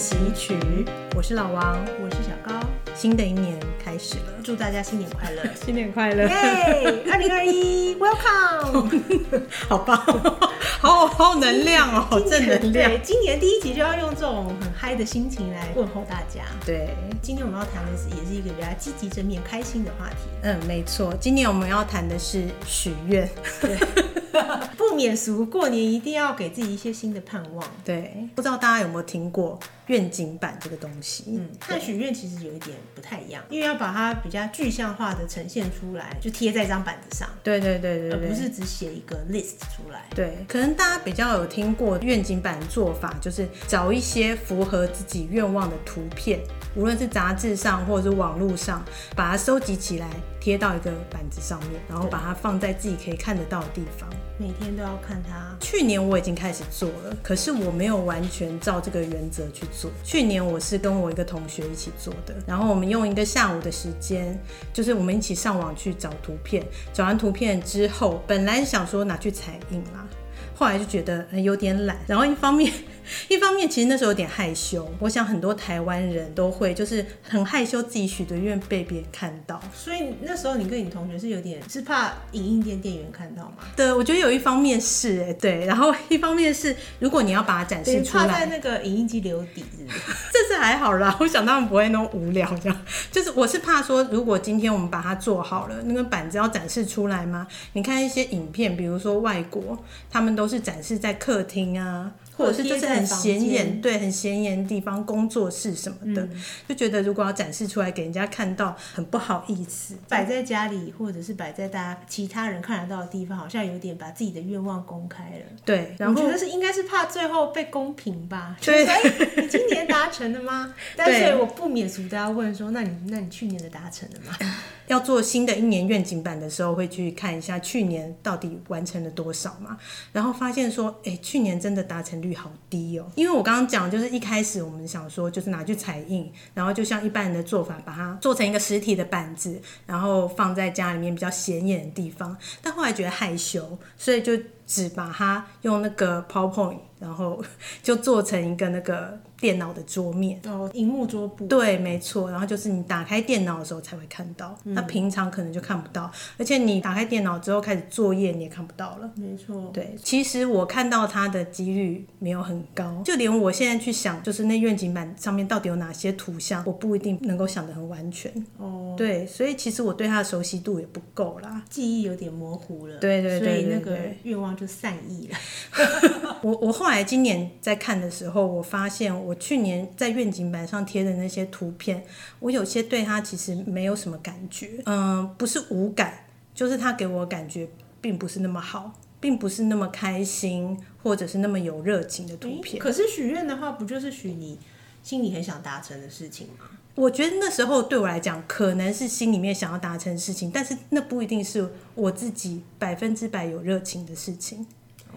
喜曲，我是老王，我是小高，新的一年開始了，祝大家新年快樂， 新年快樂，耶、yeah！二零二一，Welcome，好棒，好好能量哦，年好正能量。對，今年第一集就要用這種很嗨的心情來問候大家。對，對今天我們要談的是，也是一個比較積極正面、開心的話題。嗯，沒錯，今年我們要談的是許願。對 不免俗，過年一定要給自己一些新的盼望。對，不知道大家有沒有聽過願景版這個東西？嗯，它許願其實有一點不太一樣，因為要把它比較具象化的呈現出來，就貼在一張板子上。對對對，對，對。而不是只寫一個 list 出來。對，可能大家比較有聽過願景版的做法，就是找一些符合自己願望的圖片。無論是雜誌上或者是網絡上，把它收集起來，貼到一個板子上面，然後把它放在自己可以看得到的地方，每天都要看它。去年我已經開始做了，可是我沒有完全照這個原則去做。去年我是跟我一個同學一起做的，然後我們用一個下午的時間，就是我們一起上網去找圖片，找完圖片之後，本來想說拿去彩印啦、啊，後來就覺得有點懶，然後一方面。一方面，其實那時候有點害羞。我想很多台灣人都會，就是很害羞自己許的願被別人看到。所以那時候你跟你同學是有點是怕影印店店員看到嗎？對，我覺得有一方面是哎、欸，對。然後一方面是如果你要把它展示出來，怕在那個影印機留底是是。這次還好啦，我想他們不會那麼無聊這樣。就是我是怕說，如果今天我們把它做好了，那個板子要展示出來嗎？你看一些影片，比如說外國，他們都是展示在客廳啊。或者是就是很顯眼，對，很顯眼的地方，工作室什麼的，嗯、就覺得如果要展示出來給人家看到，很不好意思。擺在家裡，或者是擺在大家其他人看得到的地方，好像有點把自己的願望公開了。對，然後我覺得是應該是怕最後被公平吧？所以對、就是欸、你今年達成了嗎？對但是我不免俗，都要問說，那你那你去年的達成了嗎？要做新的一年願景版的時候，會去看一下去年到底完成了多少嘛？然後發現說，哎、欸，去年真的達成率。好低哦，因為我剛剛講就是一開始我們想說就是拿去彩印，然後就像一般人的做法，把它做成一個實體的板子，然後放在家裡面比較顯眼的地方，但後來覺得害羞，所以就。只把它用那個 PowerPoint，然後就做成一個那個電腦的桌面哦，熒幕桌布對，沒錯。然後就是你打開電腦的時候才會看到，嗯、那平常可能就看不到，而且你打開電腦之後開始作業，你也看不到了。沒錯，對。其實我看到它的幾率沒有很高，就連我現在去想，就是那願景板上面到底有哪些圖像，我不一定能夠想得很完全哦。對，所以其實我對它的熟悉度也不夠啦，記憶有點模糊了。對對，對對對，所以那個願望。就善意了 我。我我後來今年在看的時候，我發現我去年在願景板上貼的那些圖片，我有些對他其實沒有什麼感覺。嗯、呃，不是無感，就是他給我感覺並不是那麼好，並不是那麼開心，或者是那麼有熱情的圖片。可是許願的話，不就是許你心裡很想達成的事情嗎？我覺得那時候對我來講，可能是心裡面想要達成的事情，但是那不一定是我自己百分之百有熱情的事情。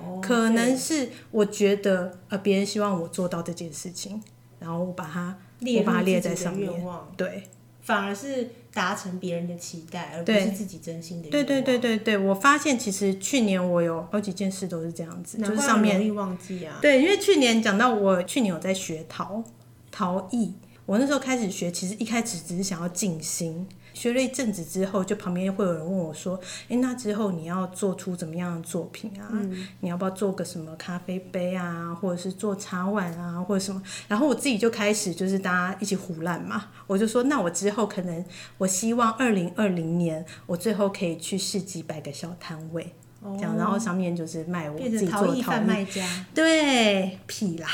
Oh, 可能是我覺得呃，別人希望我做到這件事情，然後我把它列我把它列在上面，對，反而是達成別人的期待，而不是自己真心的。對對對對對，我發現其實去年我有好幾件事都是這樣子，就是上面容易忘記啊。對，因為去年講到我去年有在學陶陶藝。我那時候開始學，其實一開始只是想要靜心。學了一陣子之後，就旁邊會有人問我說、欸：“那之後你要做出怎麼樣的作品啊？嗯、你要不要做個什麼咖啡杯啊，或者是做茶碗啊，或者什麼？”然後我自己就開始就是大家一起胡亂嘛，我就說：“那我之後可能我希望二零二零年，我最後可以去市集擺個小攤位，哦、這樣，然後上面就是賣我自己做的陶藝賣家，對，屁啦。”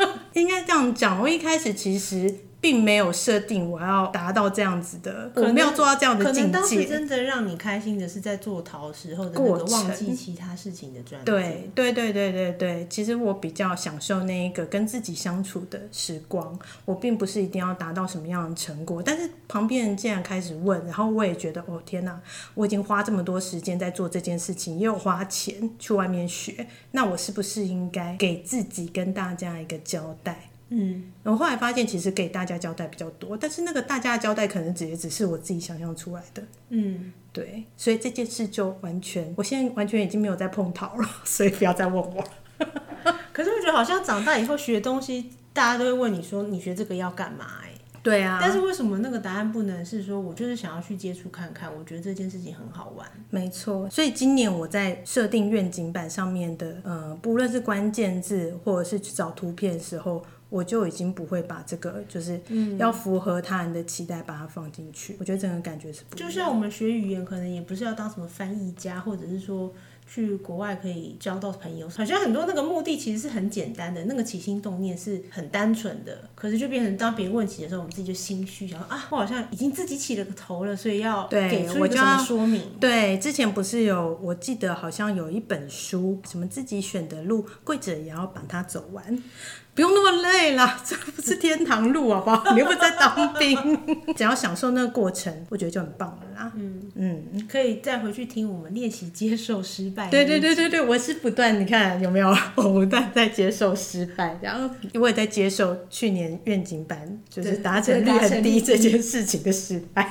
應該這樣講，我一開始其實，並沒有設定我要達到這樣子的，可能我沒有做到這樣的境界。可能當時真的讓你開心的是在做陶時候的那個忘記其他事情的狀態。對對對對對對，其實我比較享受那一個跟自己相處的時光。我並不是一定要達到什麼樣的成果，但是旁邊人竟然開始問，然後我也覺得哦天哪、啊，我已經花這麼多時間在做這件事情，又花錢去外面學，那我是不是應該給自己跟大家一個交代？嗯，然後我後來發現其實給大家交代比較多，但是那個大家的交代可能也只是我自己想象出來的。嗯，對，所以這件事就完全，我現在完全已經沒有在碰頭了，所以不要再問我。可是我覺得好像長大以後學東西，大家都會問你說你學這個要幹嘛？哎，對啊。但是為什麼那個答案不能是說我就是想要去接觸看看？我覺得這件事情很好玩。沒錯，所以今年我在設定願景版上面的呃，不論是關鍵字或者是去找圖片的時候。我就已經不會把這個，就是要符合他人的期待，把它放進去。嗯，我覺得整個感覺是不，就像我們學語言，可能也不是要當什麼翻譯家，或者是說。去國外可以交到朋友，好像很多那個目的其實是很簡單的，那個起心動念是很單純的，可是就變成當別人問起的時候，我們自己就心虛，然後啊，我好像已經自己起了個頭了，所以要給出一個什麼說明。對，我就要，對，之前不是有，我記得好像有一本書，什麼自己選的路，跪着也要把它走完，不用那麼累了，這不是天堂路好不好？你又不是在當兵， 只要享受那個過程，我覺得就很棒了。嗯嗯，你、嗯、可以再回去聽我們練習接受失敗。對對對對對，我是不斷，你看有沒有？我不斷在接受失敗，然後我也在接受去年願景版就是達成率很低這件事情的失敗。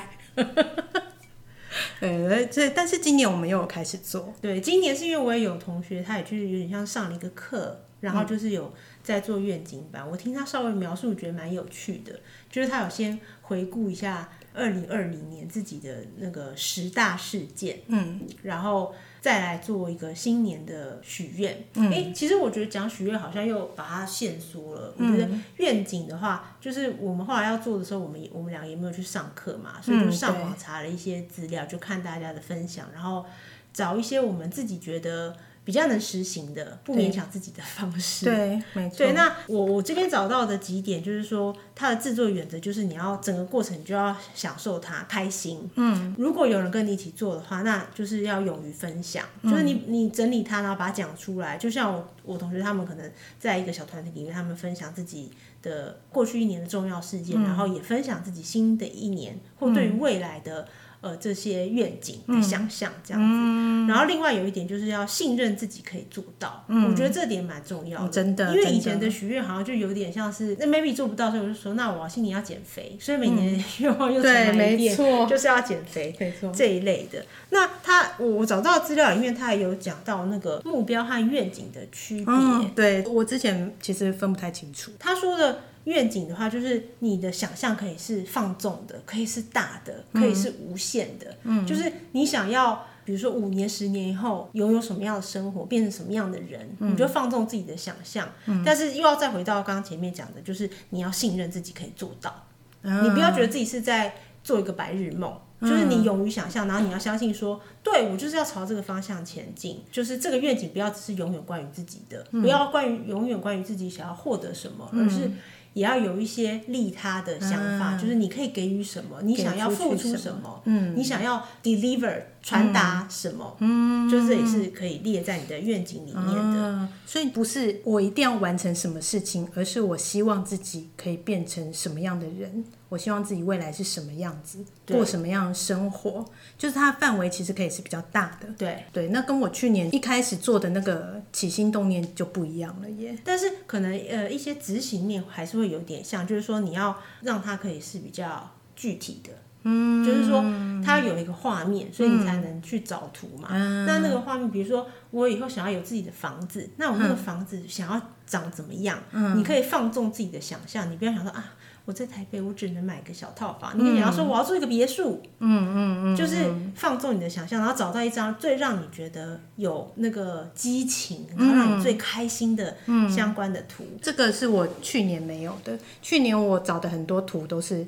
對，這 但是今年我們又有開始做。對，今年是因為我也有同學，他也就是有點像上了一個課，然後就是有在做願景版。嗯、我聽他稍微描述，我覺得蠻有趣的，就是他有先回顧一下。二零二零年自己的那個十大事件，嗯，然後再來做一個新年的許願。哎、嗯，其實我覺得講許願好像又把它限縮了。嗯、我覺得願景的話，就是我們後來要做的時候，我們也我們兩個也沒有去上課嘛，所以就上網查了一些資料，嗯、對就看大家的分享，然後找一些我們自己覺得。比較能實行的，不勉強自己的方式。對，對，沒錯。那我我這邊找到的幾點，就是說它的製作原則，就是你要整個過程你就要享受它，開心。嗯。如果有人跟你一起做的話，那就是要勇於分享。就是你你整理它，然後把它講出來。嗯、就像我我同學他們可能在一個小團體裡面，他們分享自己的過去一年的重要事件，嗯、然後也分享自己新的一年，或對於未來的。呃，這些願景的想象這樣子，嗯嗯、然後另外有一點就是要信任自己可以做到，嗯、我覺得這點蠻重要的、嗯，真的。因為以前的許願好像就有點像是的那 maybe 做不到，所以我就說那我心裡要減肥，嗯、所以每年願望又講就是要減肥，錯這一類的。那他我我找到資料裡面，他也有講到那個目標和願景的區別，嗯、對我之前其實分不太清楚。他說的。願景的話，就是你的想象可以是放縱的，可以是大的，可以是無限的。嗯嗯、就是你想要，比如說五年、十年以後擁有什麼樣的生活，變成什麼樣的人，嗯、你就放縱自己的想象。嗯、但是又要再回到剛剛前面講的，就是你要信任自己可以做到，嗯、你不要覺得自己是在做一個白日夢，嗯、就是你勇於想象，然後你要相信說。對我就是要朝這個方向前進，就是這個願景不要只是永遠關於自己的，嗯、不要關於永遠關於自己想要獲得什麼，嗯、而是也要有一些利他的想法，嗯、就是你可以給予什麼，給出去什麼，你想要付出什麼，嗯、你想要 deliver 傳達什麼，嗯、就是這也是可以列在你的願景裡面的，嗯。所以不是我一定要完成什麼事情，而是我希望自己可以變成什麼樣的人，我希望自己未來是什麼樣子，對過什麼樣的生活，就是它的範圍其實可以是比較大的，對對，那跟我去年一開始做的那個起心動念就不一樣了耶。但是可能呃一些執行面還是會有點像，就是說你要讓它可以是比較具體的，嗯，就是說它有一個畫面，所以你才能去找圖嘛。嗯、那那個畫面，比如說我以後想要有自己的房子，那我那個房子想要長怎麼樣？嗯、你可以放縱自己的想象，你不要想說啊。我在台北，我只能買一個小套房。你你要說我要住一個別墅，嗯嗯嗯，就是放縱你的想象，然後找到一張最讓你覺得有那個激情，然後讓你最開心的相關的圖。嗯嗯，這個是我去年沒有的。去年我找的很多圖都是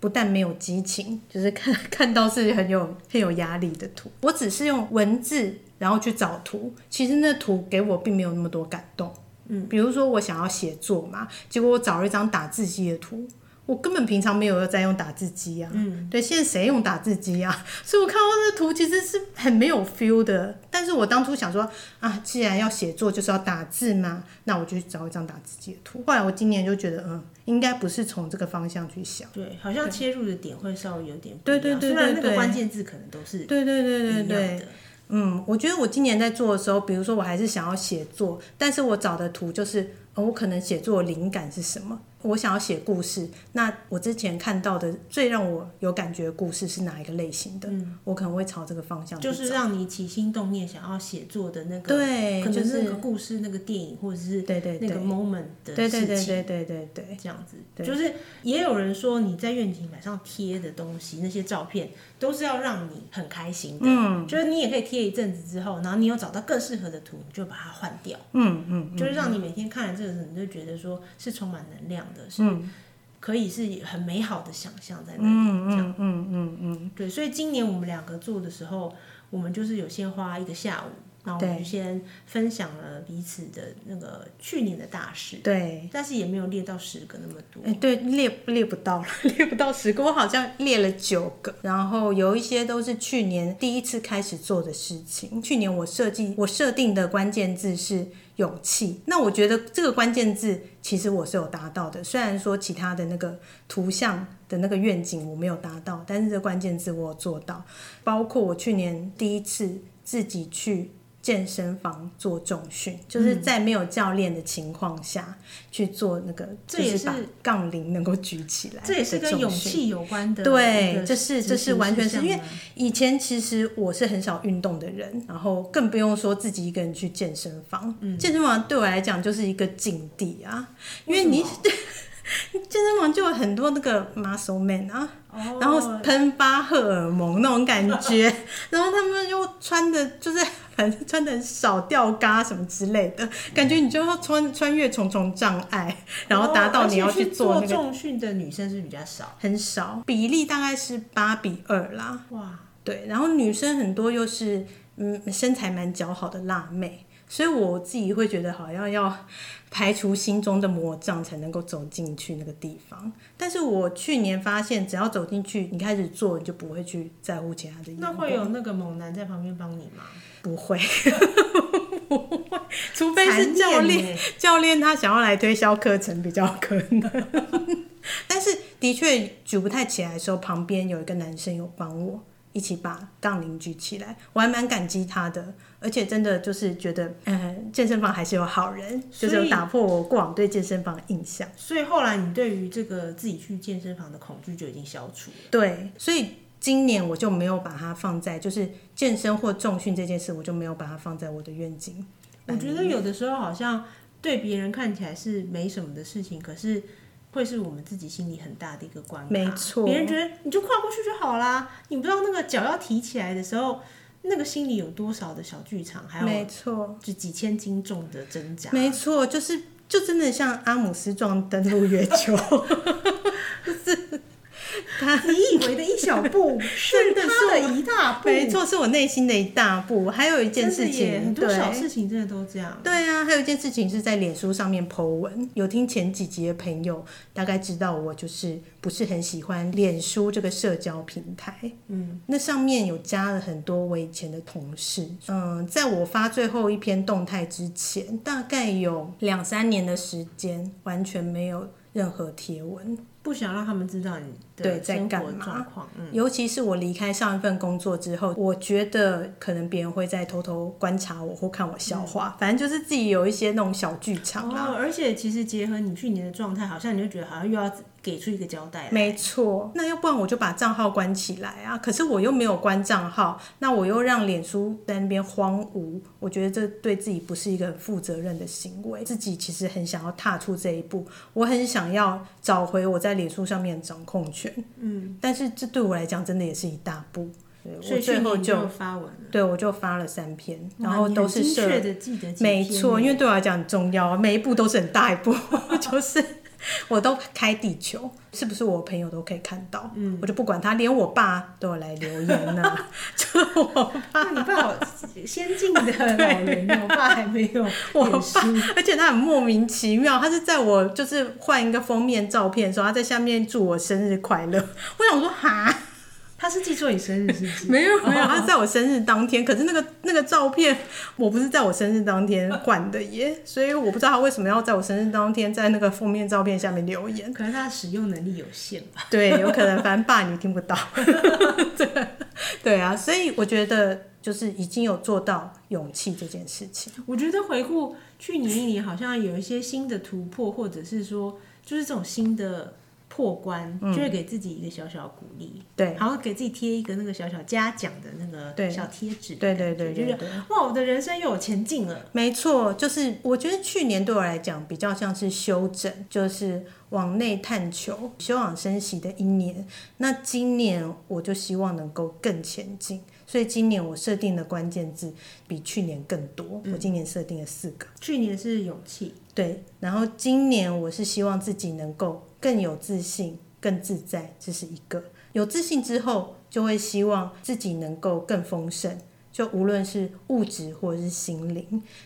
不但沒有激情，就是看看到是很有很有壓力的圖。我只是用文字然後去找圖，其實那圖給我並沒有那麼多感動。嗯，比如說我想要寫作嘛，結果我找了一張打字機的圖。我根本平常沒有在用打字機呀、啊，嗯，對，現在誰用打字機啊？所以，我看到這圖其實是很沒有 feel 的。但是我當初想說，啊，既然要寫作，就是要打字嘛。那我就去找一張打字機的圖。後來我今年就覺得，嗯，應該不是從這個方向去想，對，好像切入的點會稍微有點不一樣，對對對，對對對對，雖然那個關鍵字可能都是，對對對對對，嗯，我覺得我今年在做的時候，比如說我還是想要寫作，但是我找的圖就是，呃、我可能寫作靈感是什麼？我想要寫故事，那我之前看到的最讓我有感覺的故事是哪一個類型的？嗯、我可能會朝這個方向。就是讓你起心動念想要寫作的那個，對，可能是那個故事，就是，那個電影或者是對對那個 moment 的事情，對對對，對對對對對對對，這樣子。對對對對就是也有人說你在願景板上貼的東西，那些照片。都是要讓你很開心的，嗯、就是你也可以貼一陣子之後，然後你有找到更適合的圖，你就把它換掉。嗯嗯，嗯嗯就是讓你每天看這個，你就覺得說，是充滿能量的，嗯、是可以是很美好的想象在那裡這樣。嗯嗯嗯嗯嗯，對。所以今年我們兩個做的時候，我們就是有先花一個下午。然後我們先分享了彼此的那個去年的大事，對，但是也沒有列到十個那麼多，欸、對，列、列不到了，列不到十個，我好像列了九個，然後有一些都是去年第一次開始做的事情。去年我設計、我設定的關鍵字是勇氣，那我覺得這個關鍵字其實我是有達到的，雖然說其他的那個圖像的那個願景我沒有達到，但是這個關鍵字我有做到，包括我去年第一次自己去。健身房，做重訓，就是在沒有教練的情況下，嗯、去做那個，這也是槓鈴能夠舉起來的，這也是跟勇氣有關的。對，這，就是這，就是完全是因為以前其實我是很少運動的人，然後更不用說自己一個人去健身房，嗯、健身房對我來講就是一個禁地啊，因為，你，為 你健身房就有很多那個 muscle man 啊，oh. 然後噴巴荷爾蒙那種感覺， 然後他們又穿的就是。反正穿的很少吊嘎什麼之類的，感覺你就會穿穿越重重障礙，哦、然後達到你要去做,、那個、做重訓的女生是比較少，很少，比例大概是八比二啦。哇，對，然後女生很多又是嗯身材蠻姣好的辣妹。所以我自己會覺得好像要排除心中的魔障才能夠走進去那個地方。但是我去年發現，只要走進去，你開始做，你就不會去在乎其他的。那會有那個猛男在旁邊幫你嗎？不會， 不會，除非是教練。教練他想要來推銷課程比較可能。 但是的確舉不太起來的時候，旁邊有一個男生有幫我一起把槓鈴舉起來，我還蠻感激他的。而且真的就是覺得，嗯，健身房還是有好人，以就是有打破我過往對健身房的印象。所以後來你對於這個自己去健身房的恐懼就已經消除？對，所以今年我就沒有把它放在，就是健身或重訓這件事，我就沒有把它放在我的願景。我覺得有的時候好像對別人看起來是沒什麼的事情，可是會是我們自己心裡很大的一個關卡。沒錯錯，別人覺得你就跨過去就好啦，你不知道那個腳要提起來的時候，那個心裡有多少的小劇場，還有沒錯，就幾千斤重的掙扎，沒錯，就是就真的像阿姆斯壯登陸月球。 他你以為的一小步， 是，是他的一大步。沒錯，是我內心的一大步。還有一件事情，對很多小事情真的都這樣。對啊，還有一件事情是在臉書上面 po 文。有聽前幾集的朋友大概知道，我就是不是很喜歡臉書這個社交平台。嗯，那上面有加了很多我以前的同事。嗯，在我發最後一篇動態之前，大概有兩三年的時間，完全沒有任何貼文。不想讓他們知道你對在幹嘛，嗯、尤其是我離開上一份工作之後，我覺得可能別人會在偷偷觀察我或看我笑話，嗯、反正就是自己有一些那種小劇場啊、哦。而且其實結合你去年的狀態，好像你就覺得好像又要。給出一個交代，沒錯。那要不然我就把賬號關起來啊？可是我又沒有關賬號，那我又讓臉書在那邊荒蕪，我覺得這對自己不是一個很負責任的行為。自己其實很想要踏出這一步，我很想要找回我在臉書上面掌控權。嗯，但是這對我來講真的也是一大步。所以最後就,我就發文了，對我就發了三篇，然後都是正確的記得，沒錯，因為對我來講很重要啊，每一步都是很大一步， 就是。我都開地球，是不是我朋友都可以看到？嗯，我就不管他，連我爸都有來留言呢、啊。 就我爸，你爸好先進的老人，我爸還沒有。我爸，而且他很莫名其妙，他是在我就是換一個封面照片的時候，他在下面祝我生日快樂。我想說，哈。他是記住你生日是不是？ 沒有沒、啊、有、哦，他在我生日當天，可是那個那個照片，我不是在我生日當天換的耶，所以我不知道他為什麼要在我生日當天在那個封面照片下面留言。可能他的使用能力有限吧。對，有可能反正爸你聽不到。 對對啊，所以我覺得就是已經有做到勇氣這件事情。我覺得回顧去年一年，好像有一些新的突破，或者是說就是這種新的。破關就是給自己一個小小的鼓勵、嗯，對，然後給自己貼一個那個小小嘉獎的那個小貼紙，對對對,對,對,對,對對對，就是哇，我的人生又有前進了。沒錯，就是我覺得去年對我來講比較像是修整，就是往內探求、休養生息的一年。那今年我就希望能夠更前進，所以今年我設定的關鍵字比去年更多，我今年設定了四個，嗯、去年是勇氣。對，然後今年我是希望自己能夠更有自信，更自在，這是一個有自信之後，就會希望自己能夠更豐盛，就無論是物質或是心靈，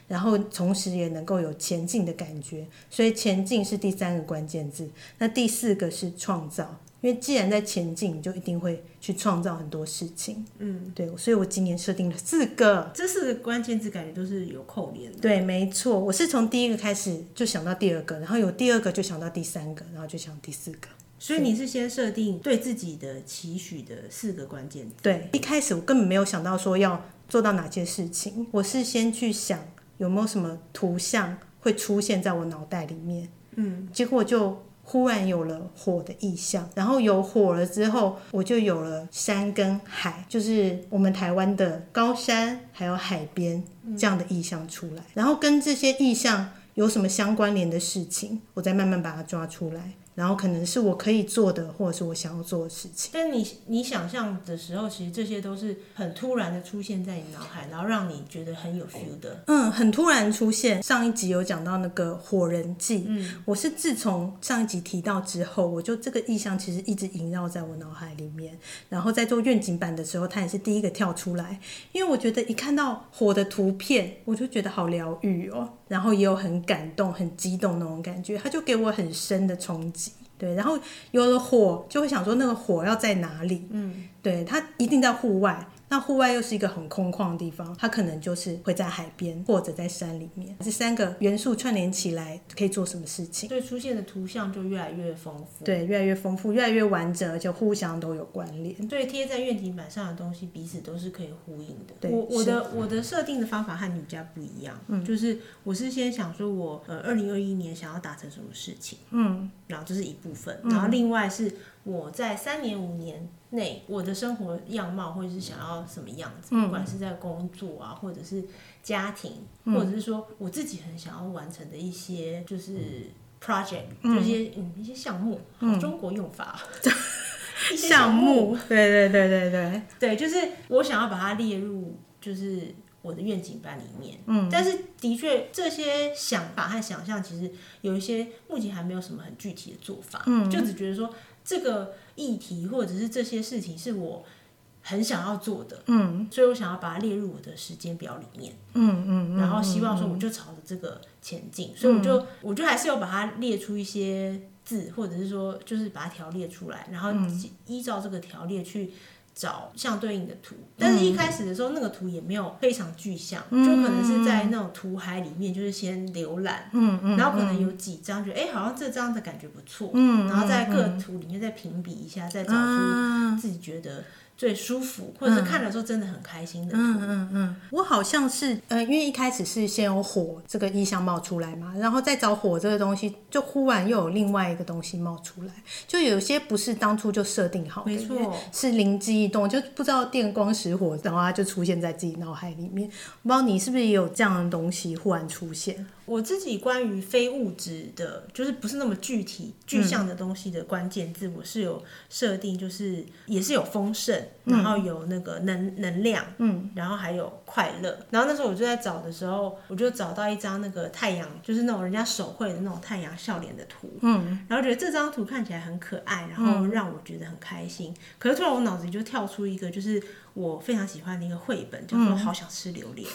然後同時也能夠有前進的感覺，所以前進是第三個關鍵字，那第四個是創造。因為既然在前進，你就一定會去創造很多事情。嗯，對，所以我今年設定了四個，這四個關鍵字感覺都是有扣連的。對，沒錯，我是從第一個開始就想到第二個，然後有第二個就想到第三個，然後就想到第四個。所以你是先設定對自己的期許的四個關鍵字。對，一開始我根本沒有想到說要做到哪些事情，我是先去想有沒有什麼圖像會出現在我腦袋裡面。嗯，結果就。忽然有了火的意象，然後有火了之後，我就有了山跟海，就是我們台灣的高山還有海邊這樣的意象出來，嗯、然後跟這些意象有什麼相關聯的事情，我再慢慢把它抓出來。然後可能是我可以做的，或者是我想要做的事情。但你你想象的時候，其實這些都是很突然的出現在你腦海，然後讓你覺得很有 feel 的。嗯，很突然出現。上一集有講到那個火人祭，嗯，我是自從上一集提到之後，我就這個意象其實一直縈繞在我腦海裡面。然後在做願景版的時候，它也是第一個跳出來，因為我覺得一看到火的圖片，我就覺得好療癒哦。然後也有很感動、很激動那種感覺，他就給我很深的衝擊，對。然後有了火，就會想說那個火要在哪裡？嗯。對，它一定在戶外，那戶外又是一個很空曠的地方，它可能就是會在海邊或者在山裡面。這三個元素串聯起來，可以做什麼事情？所以出現的圖像就越來越豐富。對，越來越豐富，越來越完整，就互相都有關聯。對，貼在願景版上的東西，彼此都是可以呼應的。對，我、我的、我的設定的方法和女家不一樣，嗯，就是我是先想說我呃，二零二一年想要達成什麼事情，嗯，然後這是一部分，嗯、然後另外是。我在三年五年內，我的生活樣貌，或者是想要什麼樣子，不管是在工作啊，或者是家庭，或者是說我自己很想要完成的一些就是 project，這些嗯一些項目、嗯，中國用法，項目、嗯，嗯、項目對對對對對對，對，就是我想要把它列入就是我的願景版裡面。嗯、但是的確這些想法和想象，其實有一些目前還沒有什麼很具體的做法，嗯、就只覺得說。這個議題或者是這些事情是我很想要做的，嗯，所以我想要把它列入我的時間表裡面，嗯嗯，嗯嗯，然後希望說我就朝着這個前進，嗯、所以我就、嗯、我就還是要把它列出一些字，或者是說就是把它條列出來，然後依照這個條列去。找相對應的圖，但是一開始的時候，那個圖也沒有非常具象，嗯、就可能是在那種圖海裡面，就是先瀏覽，嗯嗯，然後可能有幾張覺得，哎、嗯欸，好像這張的感覺不錯，嗯，然後在各圖裡面再評比一下，嗯、再找出自己覺得最舒服、嗯、或者是看了之後真的很開心的圖，嗯嗯，嗯，嗯好像是，呃，因為一開始是先有火這個意象冒出來嘛，然後再找火這個東西，就忽然又有另外一個東西冒出來，就有些不是當初就設定好的，沒錯，是靈機一動，就不知道電光石火，然後它就出現在自己腦海裡面。我不知道你是不是也有這樣的東西忽然出現。我自己關於非物質的，就是不是那麼具體具象的東西的關鍵字，我、嗯、是有設定，就是也是有豐盛，嗯、然後有那個能能量，嗯，然後還有快樂。然後那時候我就在找的時候，我就找到一張那個太陽，就是那種人家手繪的那種太陽笑臉的圖，嗯，然後覺得這張圖看起來很可愛，然後讓我覺得很開心。可是突然我腦子裡就跳出一個，就是我非常喜歡的一個繪本，就是說好想吃榴蓮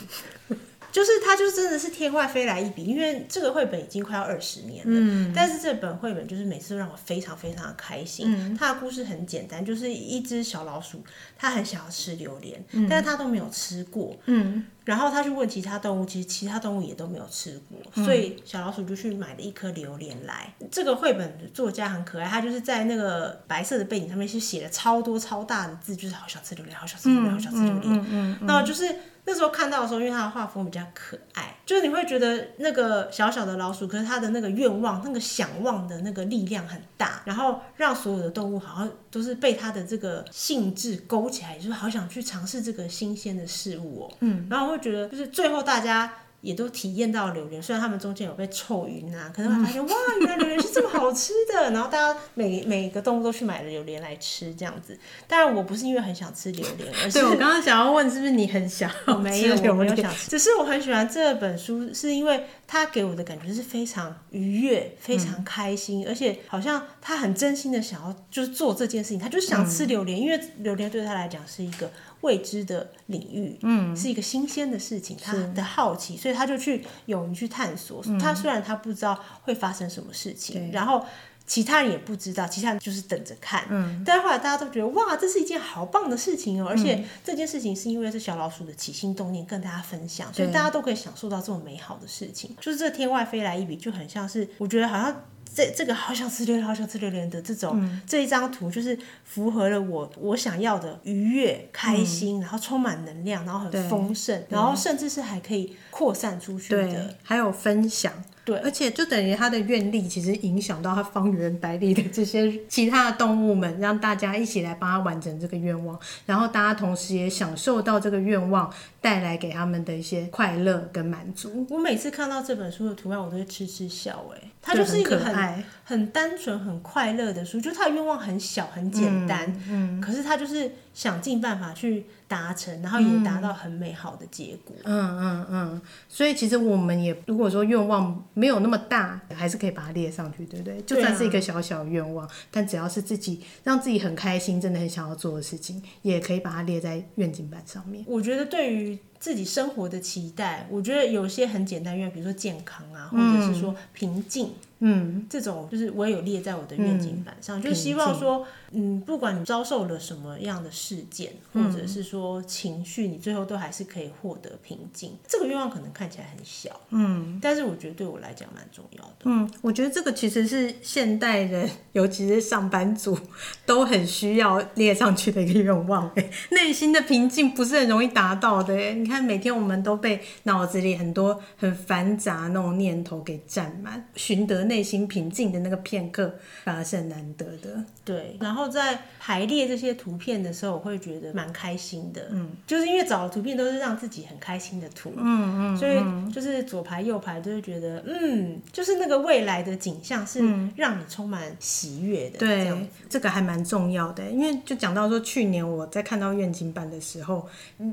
嗯 就是他，就是真的是天外飛來一筆，因為這個繪本已經快要二十年了，嗯、但是這本繪本就是每次都讓我非常非常的開心。他、嗯、的故事很簡單，就是一隻小老鼠，它很想要吃榴蓮，嗯、但是它都沒有吃過。嗯嗯然後他去問其他動物，其實其他動物也都沒有吃過，嗯、所以小老鼠就去買了一顆榴蓮來。這個繪本的作家很可愛，他就是在那個白色的背景上面是寫了超多超大的字，就是好想吃榴蓮，好想吃榴蓮，好想吃榴蓮。嗯，嗯，嗯，嗯。那就是那時候看到的時候，因為它的畫風比較可愛，就是你會覺得那個小小的老鼠，可是它的那個願望，那個想望的那個力量很大，然後讓所有的動物好像。都是被他的這個興致勾起來，就是好想去嘗試這個新鮮的事物哦、喔。嗯，然後我會覺得就是最後大家。也都體驗到榴蓮，雖然他們中間有被臭暈啊，可是我發現哇，原來榴蓮是這麼好吃的。 然後大家每每個動物都去買了榴蓮來吃，這樣子。但我不是因為很想吃榴蓮，而是我剛剛想要問，是不是你很想沒有，我沒有想吃，只是我很喜歡這本書，是因為他給我的感覺是非常愉悅、非常開心，嗯、而且好像他很真心的想要就是做這件事情，他就是想吃榴蓮，嗯、因為榴蓮對他來講是一個。未知的領域，嗯，是一個新鮮的事情，他的好奇，所以他就去勇於去探索。嗯、他雖然他不知道會發生什麼事情，對然後其他人也不知道，其他人就是等着看。嗯，但後來大家都覺得哇，這是一件好棒的事情哦，喔，而且這件事情是因為是小老鼠的起心動念跟大家分享，所以大家都可以享受到這麼美好的事情。對就是這天外飛來一筆，就很像是我覺得好像。這這個好想吃榴蓮好想吃榴蓮的這種、嗯、這一張圖，就是符合了我我想要的愉悅、開心，嗯、然後充滿能量，然後很豐盛，對、然後甚至是還可以擴散出去的，對，還有分享。對，而且就等於他的願力其實影響到他方圓百里的這些其他的動物們，讓大家一起來幫他完成這個願望，然後大家同時也享受到這個願望帶來給他們的一些快樂跟滿足。我每次看到這本書的圖案，我都會痴痴笑哎、欸，他就是一個很、很很單純、很快樂的書，就是他的願望很小、很簡單，嗯，嗯，可是他就是想盡辦法去達成，然後也達到很美好的結果。嗯嗯嗯。所以其實我們也如果說願望沒有那麼大，還是可以把它列上去，對不對？就算是一個小小願望，啊、但只要是自己讓自己很開心、真的很想要做的事情，也可以把它列在願景板上面。我覺得對於自己生活的期待，我覺得有些很簡單願望，比如說健康啊，或者是說平靜。嗯嗯，這種就是我也有列在我的願景板上，嗯、平靜就希望說，嗯，不管你遭受了什麼樣的事件，嗯、或者是說情緒，你最後都還是可以獲得平靜。這個願望可能看起來很小，嗯，但是我覺得對我來講蠻重要的。嗯，我覺得這個其實是現代人，尤其是上班族，都很需要列上去的一個願望耶。內心的平靜不是很容易達到的耶。你看每天我們都被腦子裡很多很繁雜那種念頭給佔滿，尋得內。內心平靜的那個片刻，反而是很難得的。對，然後在排列這些圖片的時候，我會覺得蠻開心的。嗯，就是因為找的圖片都是讓自己很開心的圖。嗯，嗯嗯，所以就是左排右排，都會覺得嗯，就是那個未來的景象是讓你充滿喜悅的。嗯。對，這個還蠻重要的，因為就講到說，去年我在看到願景版的時候，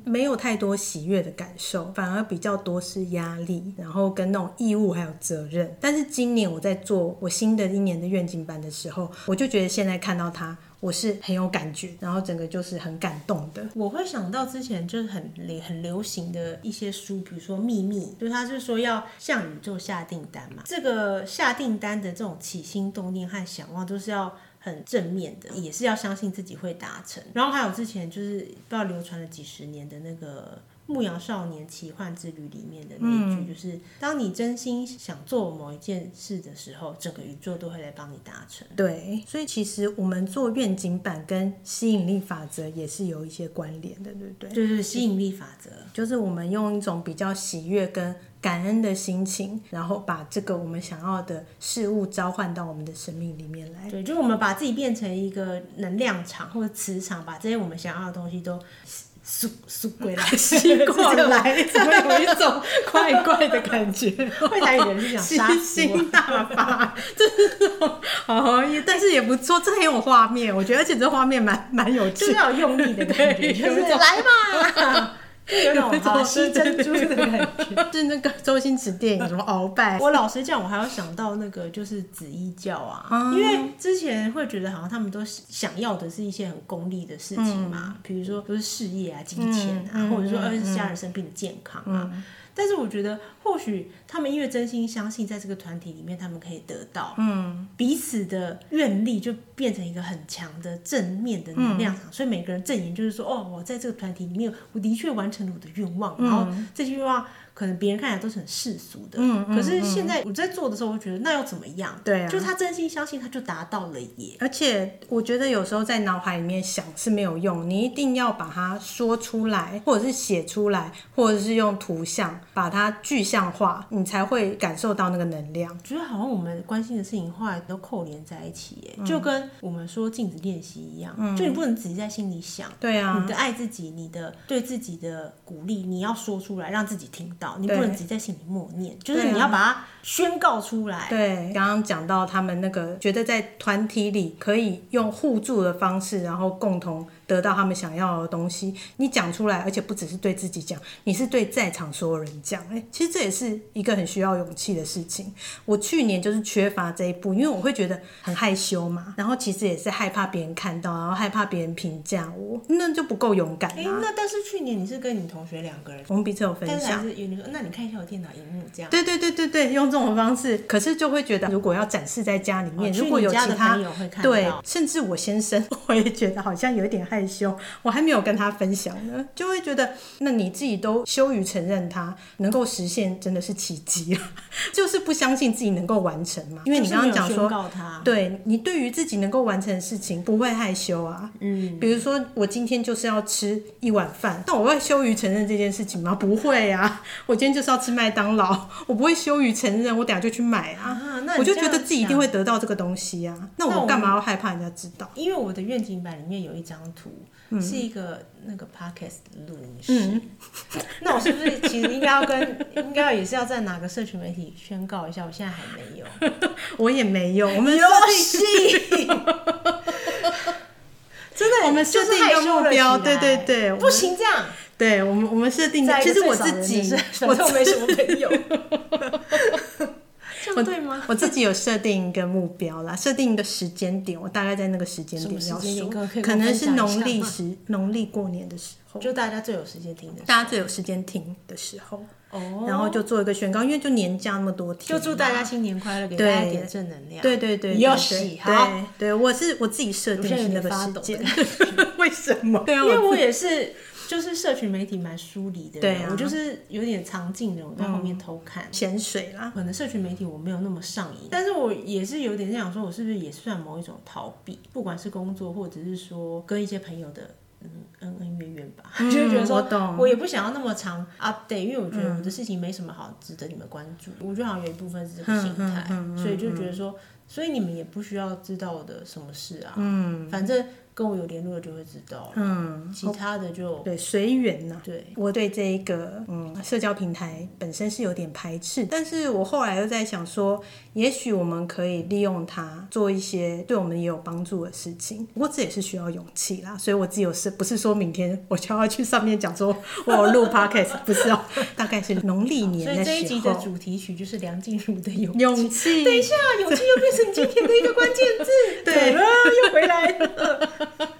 沒有太多喜悅的感受，反而比較多是壓力，然後跟那種義務還有責任。但是今年我在在做我新的一年的願景版的時候，我就覺得現在看到它，我是很有感覺，然後整個就是很感動的。我會想到之前就是很很流行的一些書，比如說《秘密》，就他、是、就是說要向宇宙下訂單嘛。這個下訂單的這種起心動念和想望都是要很正面的，也是要相信自己會達成。然後還有之前就是不知道流傳了幾十年的那個。牧羊少年奇幻之旅裡面的那一句就是：嗯，當你真心想做某一件事的時候，整個宇宙都會來幫你達成。對，所以其實我們做願景版跟吸引力法則也是有一些關聯的，對不對？就是吸引力法則，就是我們用一種比較喜悅跟感恩的心情，然後把這個我們想要的事物召喚到我們的生命裡面來。對，就是我們把自己變成一個能量場或者磁場，把這些我們想要的東西都。輸輸鬼來，吸過來了，有一種怪怪的感覺。 會有人講“吸金、 啊、大法”，這哦、啊，但是也不錯，這很有畫面，我覺得，而且這畫面蠻蠻有趣，要用力的感覺，就對是來嘛。 那種好吃珍珠的感覺，就 是那個周星馳電影什麼《鰲拜》。 我老實講，我還要想到那個就是紫衣教啊，嗯、因為之前會覺得好像他們都想要的是一些很功利的事情嘛，嗯、比如說都是事業啊、金錢啊，嗯、或者說呃家人生病的健康啊。嗯嗯但是我覺得，或許他們因為真心相信，在這個團體裡面，他們可以得到嗯彼此的願力，就變成一個很強的正面的能量場。嗯、所以每個人證言就是說：“哦，我在這個團體裡面，我的確完成了我的願望。”然後這句話。可能別人看起來都是很世俗的，嗯、嗯、嗯可是現在我在做的時候，我覺得那又怎麼樣？對啊，就他真心相信，他就達到了耶。而且我覺得有時候在腦海裡面想是沒有用，你一定要把它說出來，或者是寫出來，或者是用圖像把它具象化，你才會感受到那個能量。覺得好像我們關心的事情，話都扣連在一起耶，嗯，就跟我們說鏡子練習一樣，嗯，就你不能只在心裡想，對啊，你的愛自己，你的對自己的鼓勵，你要說出來，讓自己聽到。你不能只在心裡默念，對就是你要把它宣告出來。對，剛剛講到他們那個，覺得在團體裡可以用互助的方式，然後共同。得到他們想要的東西，你講出來，而且不只是對自己講，你是對在場所有人講。哎、欸，其實這也是一個很需要勇氣的事情。我去年就是缺乏這一步，因為我會覺得很害羞嘛，然後其實也是害怕別人看到，然後害怕別人評價我，那就不夠勇敢、啊欸、那但是去年你是跟你同學兩個人，我們彼此有分享。但是，是你說那你看一下我電腦熒幕這樣。對對對對對，用這種方式，可是就會覺得如果要展示在家裡面，哦、如果有其他朋友會看到，對，甚至我先生我也覺得好像有一點害。害羞，我還沒有跟他分享呢，就會覺得，那你自己都羞於承認他，他能夠實現真的是奇蹟了， 就是不相信自己能夠完成嘛。因為你剛剛講說，告他對你對於自己能夠完成的事情不會害羞啊。嗯，比如說我今天就是要吃一碗飯，那我會羞於承認這件事情嗎？嗯、不會呀、啊，我今天就是要吃麥當勞，我不會羞於承認，我等下就去買啊。啊那我就覺得自己一定會得到這個東西啊。那我幹嘛要害怕人家知道？因為我的願景板裡面有一張圖。嗯、是一個那個 podcast 的錄音室，嗯、那我是不是其實應該要跟應該也是要在哪個社群媒體宣告一下？我現在還沒有， 我也沒有。我們設定，戲 真的，我們設定一個目標，對對對，不行這樣，對我們我們設定。一個其實我自己， 我都沒什麼朋友。 這樣對嗎我？我自己有設定一個目標啦，設定一個時間點，我大概在那個時間點要說，要間可能是農曆時農曆過年的時候，就大家最有時間聽的時候，大家最有時間聽的時候，哦、然後就做一個宣告，因為就年假那麼多天，啊，就祝大家新年快樂，給大家一點正能量，對對對，對對對，你要喜哈，對，對我是我自己設定是那個時間， 為什麼？因為我也是。 就是社群媒體蠻疏離的對、啊，我就是有點藏鏡人，我在後面偷看潛、嗯、水啦。可能社群媒體我沒有那麼上癮，但是我也是有點這樣說，我是不是也算某一種逃避？不管是工作，或者是說跟一些朋友的、嗯、恩恩怨怨吧，就覺得說，我也不想要那麼常 update，因為我覺得我的事情沒什麼好值得你們關注。嗯、我覺得好像有一部分是這種心態，嗯嗯嗯、所以就覺得說，所以你們也不需要知道我的什麼事啊。嗯，反正。跟我有聯絡的就會知道，嗯，其他的就對，隨緣吶。對，啊、對，我對這一個嗯社交平台本身是有點排斥，但是我後來又在想說。也許我們可以利用它做一些對我們也有幫助的事情，不過這也是需要勇氣啦。所以我只有是，不是說明天我就要去上面講說，我錄 podcast 不是哦、喔，大概是農曆年的時，所以這一集的主題曲就是梁靜茹的勇《勇勇氣氣》。等一下，勇氣又變成今天的一個關鍵字，對了，又回來。了。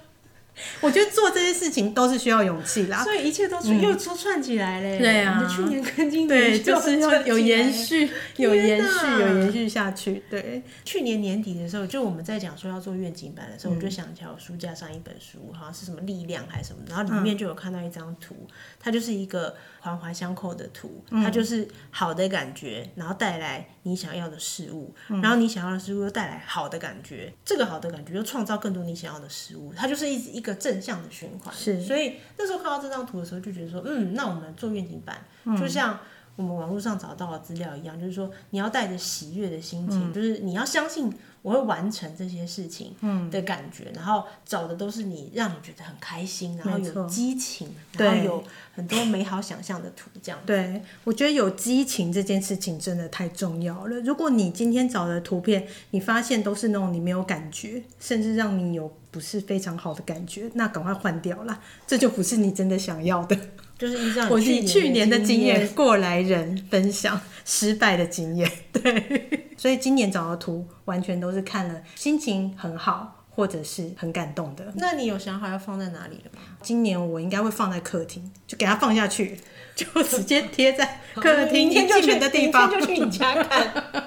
我覺得做這些事情都是需要勇氣啦，所以一切都是又出串起來嘞、欸嗯。對啊，的去年跟今年就對就是要有延續，有延續，哪有，延續有延續下去。對，去年年底的時候，就我們在講說要做願景版的時候，嗯、我就想起來我書架上一本書，好像是什麼力量還是什麼，然後裡面就有看到一張圖，它就是一個環環相扣的圖，嗯、它就是好的感覺，然後帶來。你想要的事物，然後你想要的事物又帶來好的感覺，嗯、這個好的感覺又創造更多你想要的事物，它就是一直一個正向的循環。是，所以那時候看到這張圖的時候，就覺得說，嗯，那我們做願景板，嗯、就像我們網絡上找到的資料一樣，就是說你要帶着喜悅的心情，嗯、就是你要相信。我會完成這些事情的感覺，嗯、然後找的都是你讓你覺得很開心，嗯、然後有激情，錯然後有很多美好想象的圖，這樣。對，我覺得有激情這件事情真的太重要了。如果你今天找的圖片，你發現都是那種你沒有感覺，甚至讓你有不是非常好的感覺，那趕快換掉了，這就不是你真的想要的。就是依仗我，以去年的經驗今年 過來人分享。失敗的經驗，對，所以今年找的圖完全都是看了心情很好或者是很感動的。那你有想好要放在哪裡了嗎？今年我應該會放在客廳，就給它放下去，就直接貼在客廳最顯眼的地方。 明天就去，明天就去你家看，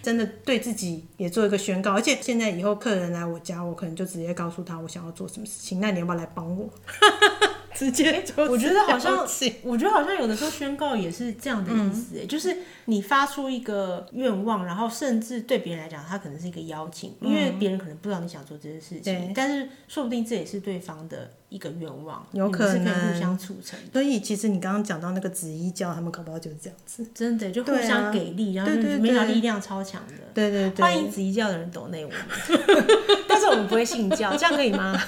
真的，對自己也做一個宣告。而且現在以後客人來我家，我可能就直接告訴他我想要做什麼事情。那你要不要來幫我？ 直接，就，我覺得好像，我覺得好像有的時候宣告也是這樣的意思誒，就是你發出一個願望，然後甚至對別人來講，他可能是一個邀請，因為別人可能不知道你想做這件事情，但是說不定這也是對方的一個願望，有可能是互相促成。所以其實你剛剛講到那個紫衣教，他們搞不好就是這樣子，真的就互相給力，然後力量超強的。對對對，歡迎紫衣教的人抖內我們，但是我們不會信教，這樣可以嗎？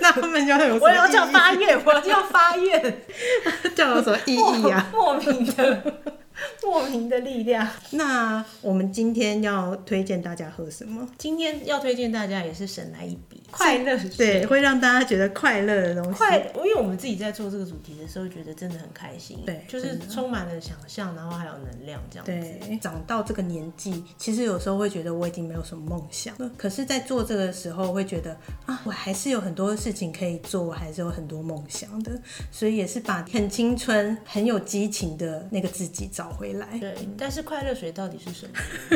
那後面就會有什麼意義？我叫發願，我發 叫發願，叫有什麼意義啊？莫名的。莫名的力量。那我們今天要推薦大家喝什麼？今天要推薦大家也是神來一筆快樂，是是對，對會讓大家覺得快樂的東西。快，因為我們自己在做這個主題的時候，覺得真的很開心，對，就是充滿了想象，嗯、然後還有能量這樣子。對，長到這個年紀，其實有時候會覺得我已經沒有什麼夢想了，可是在做這個時候，會覺得啊，我還是有很多事情可以做，我還是有很多夢想的。所以也是把很青春、很有激情的那個自己找回來。對，但是快樂水到底是什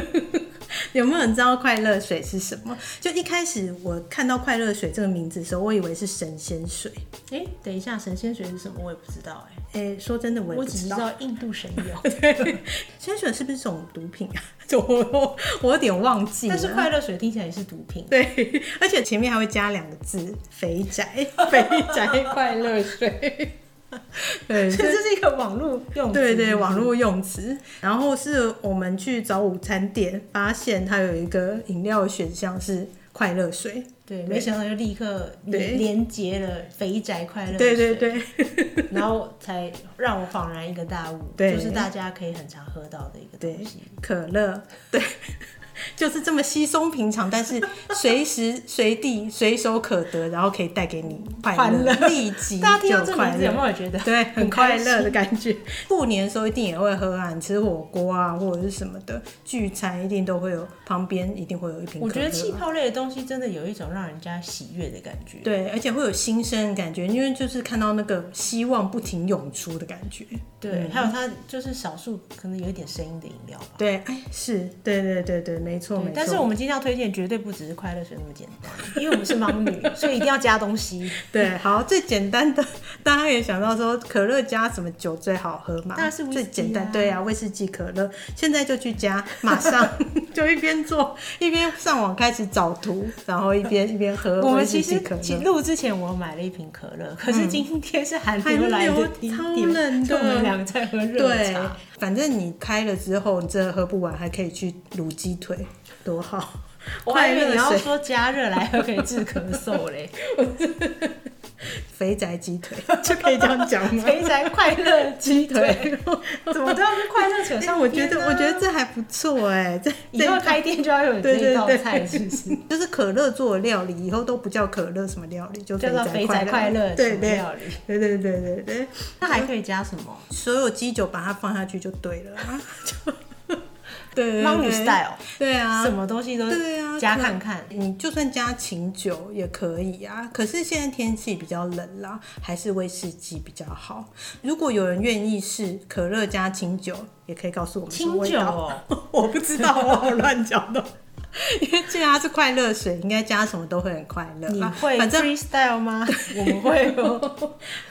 麼？ 有沒有人知道快樂水是什麼？就一開始我看到快樂水這個名字的時候，我以為是神仙水。哎、欸，等一下，神仙水是什麼？我也不知道、欸。哎、欸，說真的我，我只知道印度神藥。神 仙水是不是這種毒品啊？ 我我有點忘記。但是快樂水聽起來也是毒品。對，而且前面還會加兩個字：肥宅，肥宅快樂水。 對，這是一個網絡用詞對對,對網絡用詞。嗯、然後是我們去找午餐店，發現它有一個飲料選項是快樂水。對，對沒想到就立刻連結了肥宅快樂水。對,對對對， 然後才讓我恍然一個大悟，對就是大家可以很常喝到的一個東西，可樂。對。就是這麼稀鬆平常，但是隨時隨地隨手可得，然後可以帶給你快樂樂。快大家聽到這個名字有沒有覺得對，很快樂的感覺？過年的時候一定也會喝啊，你吃火鍋啊或者是什麼的聚餐一定都會有，旁邊一定會有一瓶，啊。我覺得氣泡類的東西真的有一種讓人家喜悅的感覺，對，而且會有新生的感覺，因為就是看到那個希望不停湧出的感覺。對，對還有它就是少數可能有一點聲音的飲料吧。對，哎，是對對對對。沒錯，對沒錯錯。但是我們今天要推薦絕對不只是快樂水那麼簡單，因為我們是盲女， 所以一定要加東西。對，好，最簡單的，大家也想到說，可樂加什麼酒最好喝嘛？那是、啊、最簡單。對啊，威士忌可樂，現在就去加，馬上 就一邊做一邊上網開始找圖，然後一邊一邊喝威士忌可樂。我們其實錄之前我買了一瓶可樂，嗯、可是今天是寒流來的，超冷的，我們兩個在喝熱茶。對反正你開了之後，你真的喝不完還可以去滷雞腿，多好！我還以為你要說加熱來喝可以治咳嗽嘞。 肥宅雞腿就可以這樣講， 肥宅快樂雞腿， 怎麼都要跟快樂扯上。 我覺得， 我覺得這還不錯哎，這以後開店就要有這一道菜，是不是？對對對，就是可樂做的料理，以後都不叫可樂什麼料理，就，就叫做肥宅快樂什麼料理。對，對對對對對， 那還可以加什麼？ 所有基酒把它放下去就對了。 就對，貓女士對啊，什麼東西都對啊，加看看，對啊，你就算加清酒也可以啊。可是現在天氣比較冷啦，還是威士忌比較好。如果有人願意試可樂加清酒，也可以告訴我們味道，清酒哦， 我不知道哦， 我好亂講的。因為既然它是快樂水，應該加什麼都會很快樂。你會反正 freestyle 嗎？我們會。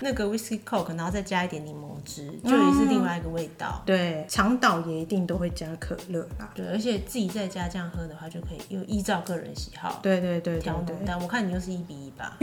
那個 whiskey coke 然後再加一點檸檬汁，就也是另外一個味道。對，長島也一定都會加可樂啦。對，而且自己在家這樣喝的話，就可以又依照個人喜好。對對對，調。但我看你又是一比一吧？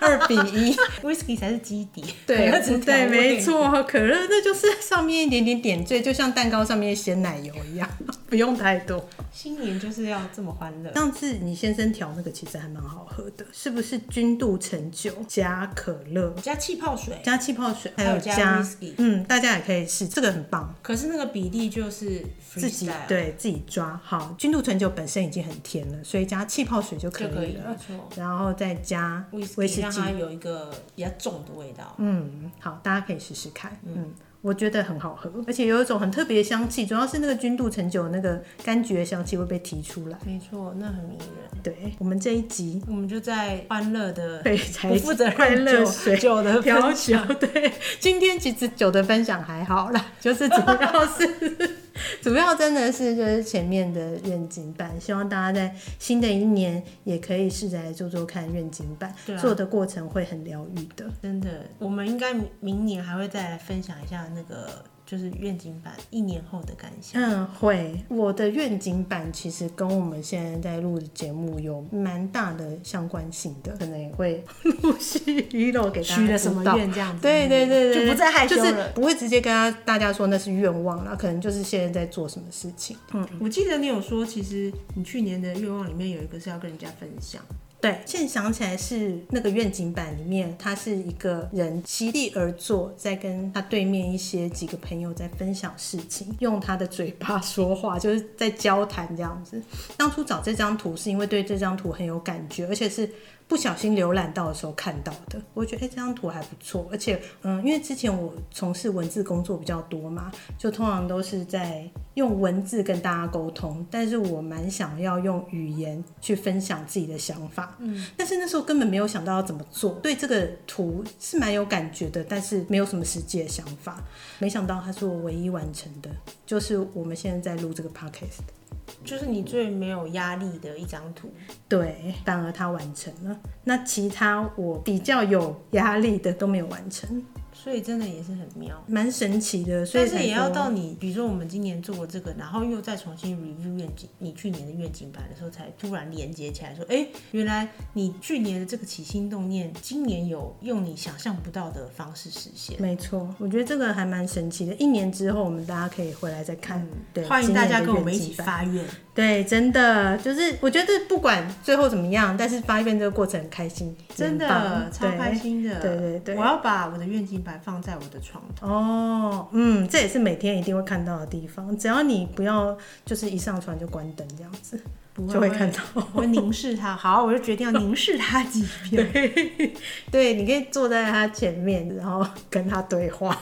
二比一。Whisky 才是基底，對，對，沒錯，可樂那就是上面一點點點綴，就像蛋糕上面鮮奶油一樣，不用太多。新年就是要。啊、這麼歡樂！上次你先生調那個其實還蠻好喝的，是不是君度橙酒加可樂？加氣泡水，加氣泡水，還有加，加威士忌。嗯，大家也可以試，這個很棒。可是那個比例就是自己對自己抓。好，君度橙酒本身已經很甜了，所以加氣泡水就可以了。沒錯，然後再加威士忌，讓它有一個比較重的味道。嗯，好，大家可以試試看。嗯。嗯我覺得很好喝，而且有一種很特別的香氣，主要是那個君度橙酒那個柑橘的香氣會被提出來。沒錯，那很迷人。對，我們這一集我們就在歡樂的不負責、快樂水酒的分享。對，今天其實酒的分享還好啦，就是主要是。主要真的是就是前面的願景版，希望大家在新的一年也可以試着來做做看願景版，對啊，做的過程會很療癒的。真的，我們應該明，明年還會再來分享一下那個。就是願景版一年後的感想。嗯，會，我的願景版其實跟我們現在在錄的節目有蠻大的相關性的，可能也會陸續披露給大家。許了什麼願這樣子？對，對對對對，就不再害羞了，就是不會直接跟大家說那是願望了，可能就是現在在做什麼事情。嗯，我記得你有說，其實你去年的願望裡面有一個是要跟人家分享。對，現在想起來是那個願景版裡面，他是一個人席地而坐，在跟他對面一些幾個朋友在分享事情，用他的嘴巴說話，就是在交談這樣子。當初找這張圖是因為對這張圖很有感覺，而且是。不小心瀏覽到的時候看到的，我覺得，欸，這張圖還不錯，而且嗯，因為之前我從事文字工作比較多嘛，就通常都是在用文字跟大家溝通，但是我蠻想要用語言去分享自己的想法，嗯，但是那時候根本沒有想到要怎麼做。對這個圖是蠻有感覺的，但是沒有什麼實際的想法，沒想到它是我唯一完成的，就是我們現在在錄這個 Podcast。就是你最沒有壓力的一張圖，對，當然它完成了。那其他我比較有壓力的都沒有完成。所以真的也是很妙，蠻神奇的。但是也要到你，比如說我們今年做過這個，然後又再重新 review 願景，你去年的願景版的時候，才突然連接起來，說，哎，原來你去年的這個起心動念，今年有用你想象不到的方式實現。欸、沒錯，我覺得這個還蠻神奇的。一年之後，我們大家可以回來再看。對，歡迎大家跟我們一起發願。對，真的就是我覺得不管最後怎麼樣，但是發一遍這個過程很開心，真的超開心的。對對對，對，我要把我的願景版。放在我的床頭哦，嗯，這也是每天一定會看到的地方。只要你不要就是一上床就關燈這樣子。不會就會看到我。我凝視他，好，我就決定要凝視他幾遍。對，對，你可以坐在他前面，然後跟他對話。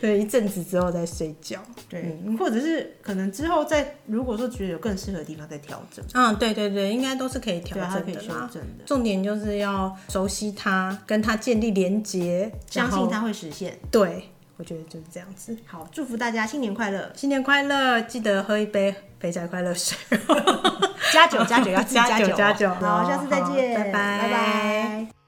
對，一陣子之後再睡覺。對，嗯、或者是可能之後再，如果說覺得有更適合的地方再調整。嗯，對對對，應該都是可以調整的。可以調整的。重點就是要熟悉他，跟他建立連接，相信他會實現。對，我覺得就是這樣子。好，祝福大家新年快樂！新年快樂！記得喝一杯。非常快樂水， 加酒加酒要 加酒加酒，加酒加酒好，好下次再見，拜拜拜拜。Bye bye bye bye